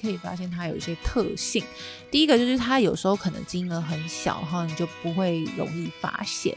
可以發現它有一些特性，第一個就是它有時候可能金額很小哈，你就不會容易發現。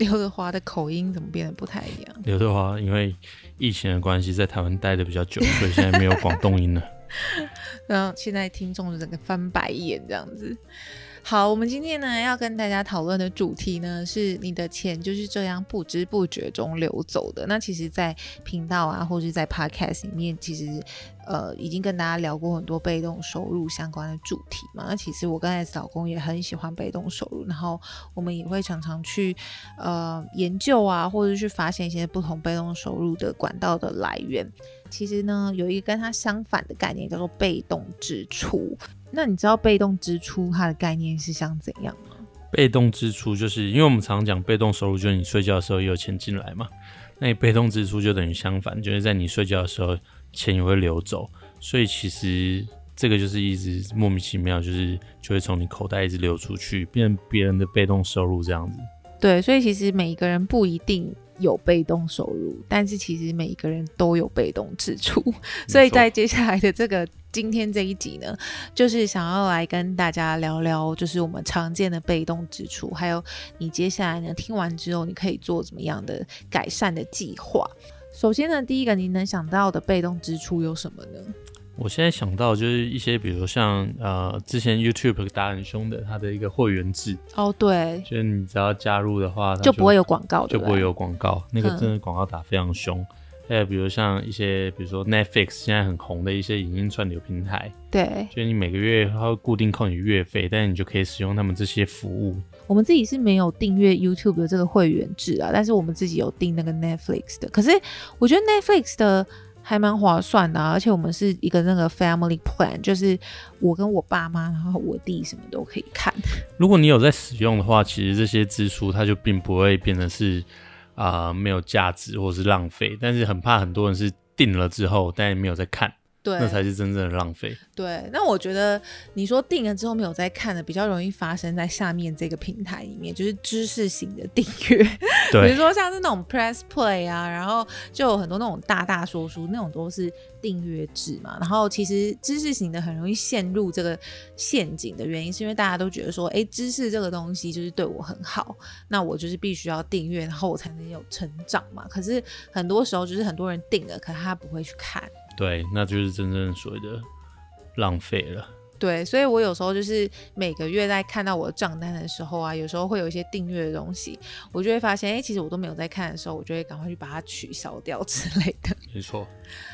劉德華的口音怎麼變得不太一樣？劉德華因為疫情的關係，在台灣待的比較久，所以現在沒有廣東音了。 然後現在聽眾就整個翻白眼這樣子。好，我們今天呢要跟大家討論的主題呢是你的錢就是這樣不知不覺中流走的。那其實，在頻道啊或者在 Podcast 裡面，其實呃已經跟大家聊過很多被動收入相關的主題嘛。那其實我跟我的老公也很喜歡被動收入，然後我們也會常常去呃研究啊，或者去發現一些不同被動收入的管道的來源。其實呢，有一個跟它相反的概念叫做被動支出。那你知道被動支出它的概念是像怎樣嗎？被動支出就是，因為我們常常講被動收入，就是你睡覺的時候也有錢進來嘛。那你被動支出就等於相反，就是在你睡覺的時候錢也會流走，所以其實這個就是一直莫名其妙，就是就會從你口袋一直流出去，變成別人的被動收入這樣子。對，所以其實每一個人不一定有被動收入，但是其實每一個人都有被動支出。所以在接下來的這個今天這一集呢，就是想要來跟大家聊聊，就是我們常見的被動支出，還有你接下來呢，聽完之後，你可以做怎麼樣的改善的計劃。首先呢，第一個你能想到的被動支出有什麼呢？我現在想到就是一些，比如像呃，之前 YouTube 打很凶的，它的一個會員制哦，oh, 對，就是你只要加入的話，就不會有廣告的，就不會有廣告,有廣告，那個真的廣告打非常凶。嗯。還有比如像一些，比如說 Netflix 現在很紅的一些影音串流平台，對，就是你每個月它會固定扣你月費，但是你就可以使用他們這些服務。我們自己是沒有訂閱 YouTube 的這個會員制啊，但是我們自己有訂那個 Netflix 的。可是我覺得 Netflix 的。還蠻划算的，而且我們是一個那個 family plan，就是我跟我爸媽，然後我弟什麼都可以看。如果你有在使用的話，其實這些支出它就並不會變得是啊、呃、沒有價值或是浪費，但是很怕很多人是訂了之後，但也沒有在看。對，那才是真正的浪費。對，那我覺得你說訂了之後沒有再看的，比較容易發生在下面這個平台裡面，就是知識型的訂閱 比如說像是那種 Press Play 啊，然後就有很多那種大大說書那種都是訂閱制嘛。然後其實知識型的很容易陷入這個陷阱的原因，是因為大家都覺得說，哎、欸，知識這個東西就是對我很好，那我就是必須要訂閱，然後我才能有成長嘛。可是很多時候就是很多人訂了，可是他不會去看。對，那就是真正所謂的浪費了。對，所以我有時候就是每個月在看到我的賬單的時候啊，有時候會有一些訂閱的東西，我就會發現，哎、欸，其實我都沒有在看的時候，我就會趕快去把它取消掉之類的。沒錯。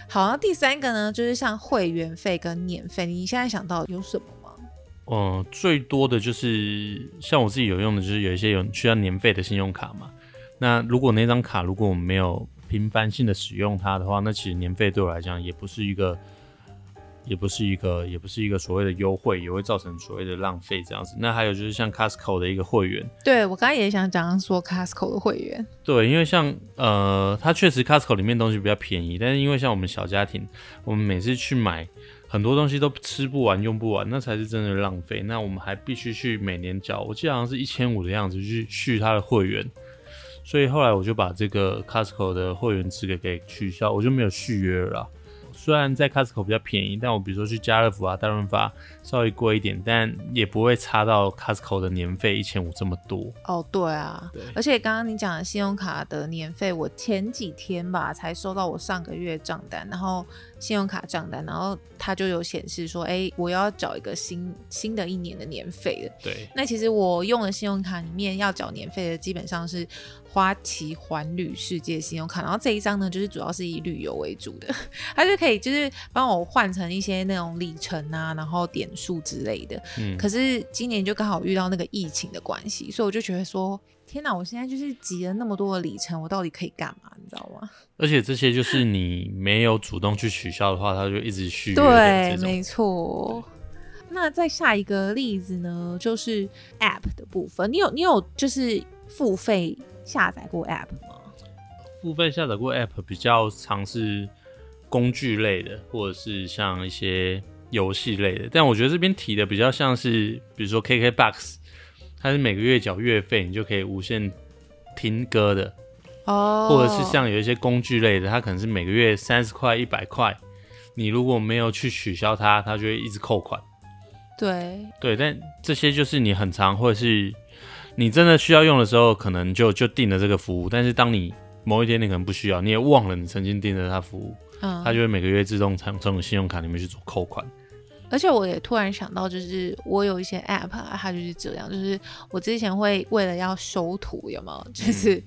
好，第三個呢，就是像會員費跟年費，你現在想到有什麼嗎？嗯、呃，最多的就是像我自己有用的就是有一些有需要年費的信用卡嘛。那如果那張卡如果我們沒有。頻繁性的使用它的話，那其實年費對我來講也不是一個，也不是一個，也不是一個所謂的優惠，也會造成所謂的浪費這樣子。那還有就是像 Costco 的一個會員，對我剛才也想講說 Costco 的會員，對，因為像呃，它確實 Costco 裡面東西比較便宜，但是因為像我們小家庭，我們每次去買很多東西都吃不完、用不完，那才是真的浪費。那我們還必須去每年繳，我記得好像是一千五的樣子去續它的會員。所以後來我就把這個 Costco 的會員資格給取消，我就沒有續約了。雖然在 Costco 比較便宜，但我比如說去家樂福啊、大潤發啊，稍微貴一點，但也不會差到 Costco 的年費一千五這麼多。哦、oh，對啊，對，而且剛剛你講的信用卡的年費，我前幾天吧才收到我上個月賬單，然後信用卡賬單，然後它就有顯示說，哎、欸，我要找一個新新的一年的年費了。對，那其實我用的信用卡裡面要繳年費的基本上是。花旗環旅世界信用卡，然後這一張呢，就是主要是以旅遊為主的， 它就可以就是幫我換成一些那種里程啊，然後點數之類的。嗯，可是今年就剛好遇到那個疫情的關係，所以我就覺得說，天哪，我現在就是集了那麼多的里程，我到底可以幹嘛？你知道嗎？而且這些就是你沒有主動去取消的話，它 就一直續約的。對，沒錯。那再下一個例子呢，就是 App 的部分，你有你有就是付費下載過 App 嗎？部分下載過 App，比較常是工具類的，或者是像一些遊戲類的。但我覺得這邊提的比較像是，比如說 KKBox，它是每個月繳月費，你就可以無限聽歌的。哦、oh.。或者是像有一些工具類的，它可能是每個月三十塊、一百塊，你如果沒有去取消它，它就會一直扣款。對。對，但這些就是你很常會是。你真的需要用的時候，可能就就訂了這個服務，但是當你某一天你可能不需要，你也忘了你曾經訂了他服務、嗯，他就會每個月自動從信用卡裡面去做扣款。而且我也突然想到，就是我有一些 App，啊，它就是這樣，就是我之前會為了要收圖，有沒有？就是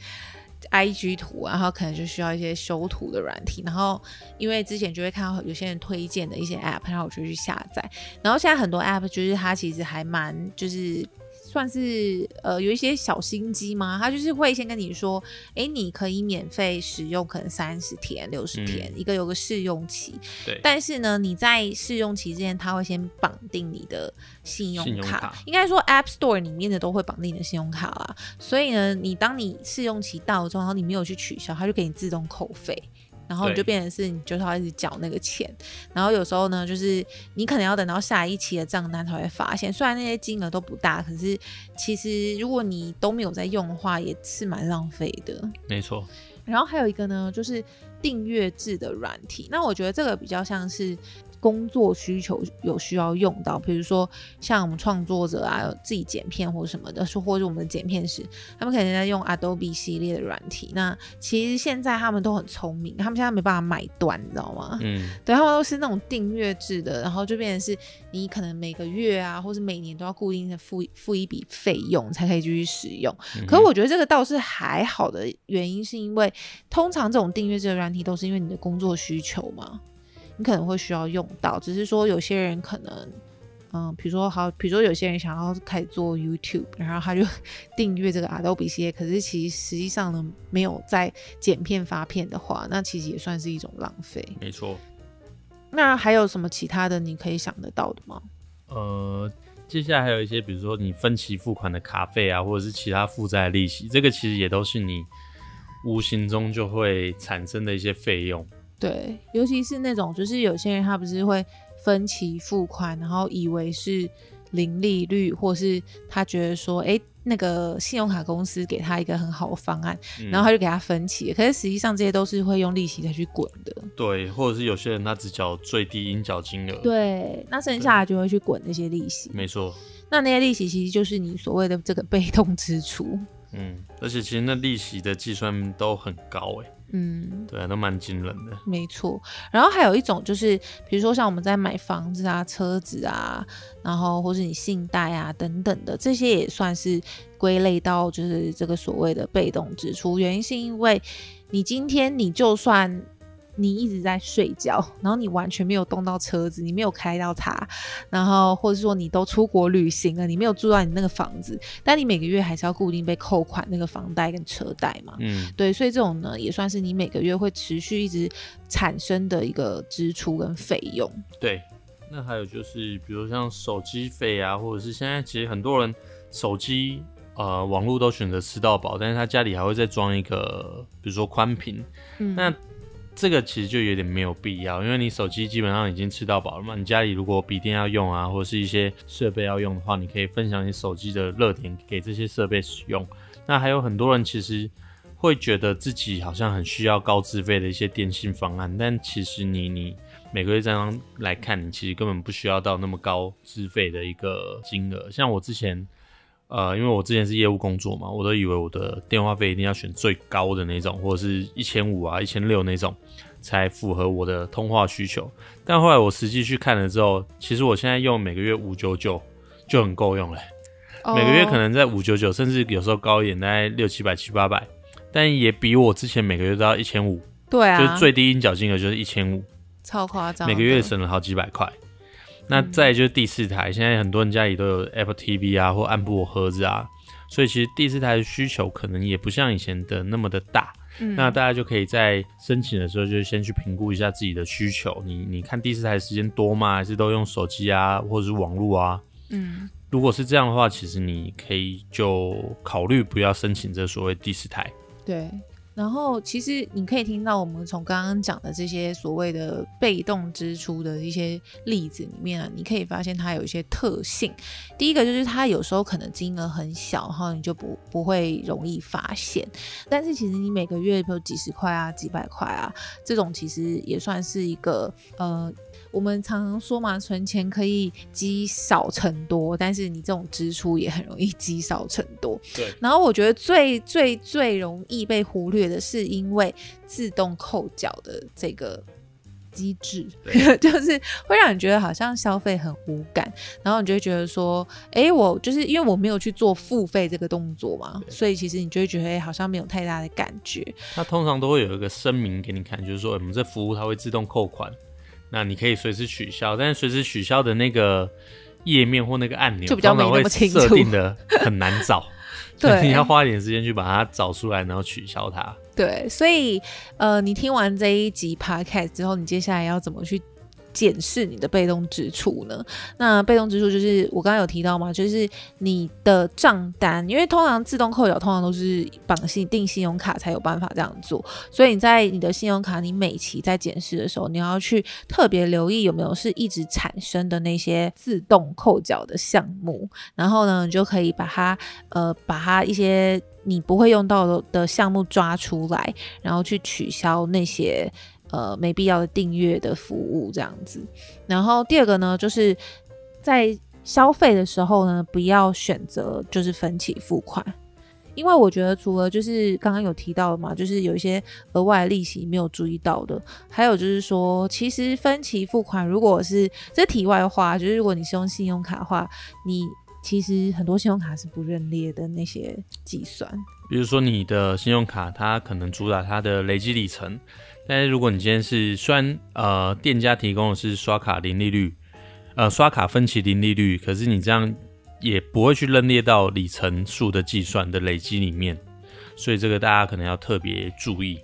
IG 圖，然後可能就需要一些收圖的軟體，然後因為之前就會看到有些人推薦的一些 App，然後我就去下載，然後現在很多 App 就是它其實還蠻就是。算是呃有一些小心機嗎？他就是會先跟你說，誒、欸，你可以免費使用可能三十天、六十天、嗯、一個有個試用期。但是呢，你在試用期之前，他會先綁定你的信用卡。信用卡應該說，App Store 裡面的都會綁定你的信用卡啦。所以呢，你當你試用期到了之後，然後你沒有去取消，他就給你自動扣費。然後你就變成是，你就是要一直繳那個錢，然後有時候呢，就是你可能要等到下一期的賬單才會發現，雖然那些金額都不大，可是其實如果你都沒有在用的話，也是蠻浪費的。沒錯。然後還有一個呢，就是訂閱制的軟體，那我覺得這個比較像是。工作需求有需要用到，比如說像我們創作者啊，自己剪片、或什麼的，或者我們的剪片師，他們可能在用 Adobe 系列的軟體。那其實現在他們都很聰明，他們現在沒辦法買斷，你知道嗎？嗯，對，他們都是那種訂閱制的，然後就變成是你可能每個月啊，或是每年都要固定的付付一筆費用才可以繼續使用。嗯、可是我覺得這個倒是還好的原因，是因為通常這種訂閱制的軟體都是因為你的工作需求嘛。你可能會需要用到，只是說有些人可能，嗯，比如說好，比如說有些人想要開始做 YouTube，然後他就訂 閱這個 Adobe 系列，可是其實實際上呢，沒有在剪片發片的話，那其實也算是一種浪費。沒錯。那還有什麼其他的你可以想得到的嗎？呃，接下來還有一些，比如說你分期付款的卡費啊，或者是其他負債利息，這個其實也都是你無形中就會產生的一些費用。對，尤其是那種，就是有些人他不是會分期付款，然後以為是零利率，或是他覺得說，哎，那個信用卡公司給他一個很好的方案，嗯，然後他就給他分期。可是實際上，這些都是會用利息再去滾的。對，或者是有些人他只繳最低應繳金額。對，那剩下就會去滾那些利息。沒錯。那那些利息其實就是你所謂的這個被動支出。嗯，而且其實那利息的計算都很高欸，嗯，對啊，都蠻驚人的。沒錯，然後還有一種就是，比如說像我們在買房子啊、車子啊，然後或是你信貸啊等等的，這些也算是歸類到就是這個所謂的被動支出。原因是因為你今天你就算，你一直在睡覺，然後你完全沒有動到車子，你沒有開到它，然後或者說你都出國旅行了，你沒有住到你那個房子，但你每個月還是要固定被扣款那個房貸跟車貸嘛？嗯，對，所以這種呢也算是你每個月會持續一直產生的一個支出跟費用。對，那還有就是比如像手機費啊，或者是現在其實很多人手機呃網絡都選擇吃到飽，但是他家裡還會再裝一個，比如說寬頻。嗯，那。這個其實就有點沒有必要，因為你手機基本上已經吃到飽了嘛。你家裡如果筆電要用啊，或者是一些設備要用的話，你可以分享你手機的熱點給這些設備使用。那還有很多人其實會覺得自己好像很需要高資費的一些電信方案，但其實你你每個月這樣來看，你其實根本不需要到那麼高資費的一個金額。像我之前。呃，因為我之前是業務工作嘛，我都以為我的電話費一定要選最高的那種，或者是一千五啊，一千六那種，才符合我的通話需求。但後來我實際去看了之後，其實我現在用每個月五九九就很夠用了。Oh, 每個月可能在五九九，甚至有時候高一點，大概六七百、七八百，但也比我之前每個月都要一千五。對啊。就是最低應繳金額就是一千五。超誇張。每個月省了好幾百塊。那再來就是第四台，現在很多人家裡都有 Apple TV 啊，或安博盒子啊，所以其實第四台的需求可能也不像以前的那麼的大。嗯。那大家就可以在申請的時候就先去評估一下自己的需求。你你看第四台的時間多嗎？還是都用手機啊，或者是網絡啊？嗯，如果是這樣的話，其實你可以就考慮不要申請這所謂第四台。對。然後，其實你可以聽到我們從剛剛講的這些所謂的被動支出的一些例子裡面啊，你可以發現它有一些特性。第一個就是它有時候可能金額很小，然後你就不不會容易發現。但是其實你每個月比如幾十塊啊、幾百塊啊，這種其實也算是一個呃。我們常常說嘛，存錢可以積少成多，但是你這種支出也很容易積少成多。對。然後我覺得最最最容易被忽略的是，因為自動扣繳的這個機制， 就是會讓你覺得好像消費很無感，然後你就會覺得說，哎，我就是因為我沒有去做付費這個動作嘛，所以其實你就會覺得好像沒有太大的感覺。它通常都會有一個聲明給你看，就是說，欸，我們這服務它會自動扣款。那你可以隨時取消，但是隨時取消的那個頁面或那個按鈕，就比較他們會設定的很難找，所 以你要花一點時間去把它找出來，然後取消它。對，所以呃，你聽完這一集 podcast 之後，你接下來要怎麼去？檢視你的被動支出呢？那被動支出就是我剛剛有提到嘛，就是你的賬單，因為通常自動扣繳通常都是綁信定信用卡才有辦法這樣做，所以你在你的信用卡你每期在檢視的時候，你要去特別留意有沒有是一直產生的那些自動扣繳的項目，然後呢，你就可以把它呃把它一些你不會用到的項目抓出來，然後去取消那些。呃，沒必要的訂閱的服務這樣子。然後第二個呢，就是在消費的時候呢，不要選擇就是分期付款，因為我覺得除了就是剛剛有提到的嘛，就是有一些額外利息沒有注意到的，還有就是說，其實分期付款如果是這題外的話，就是如果你是用信用卡的話，你其實很多信用卡是不認列的那些計算。比如說你的信用卡，它可能主打它的累積里程，但是如果你今天是雖然呃店家提供的是刷卡零利率，呃刷卡分期零利率，可是你這樣也不會去認列到里程數的計算的累積裡面，所以這個大家可能要特別注意。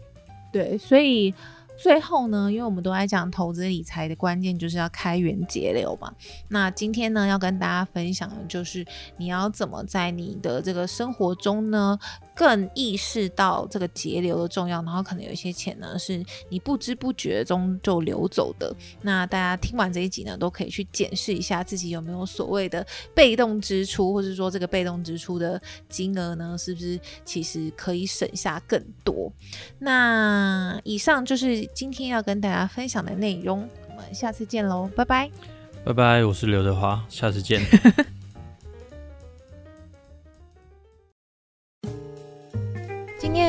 對，所以最後呢，因為我們都在講投資理財的關鍵就是要開源節流嘛，那今天呢要跟大家分享的就是你要怎麼在你的這個生活中呢，更意識到這個節流的重要，然後可能有一些錢呢是你不知不覺中就流走的。那大家聽完這一集呢，都可以去檢視一下自己有沒有所謂的被動支出，或者說這個被動支出的金額呢，是不是其實可以省下更多？那以上就是今天要跟大家分享的內容，我們下次見嘍，拜拜，拜拜，我是劉德華，下次見。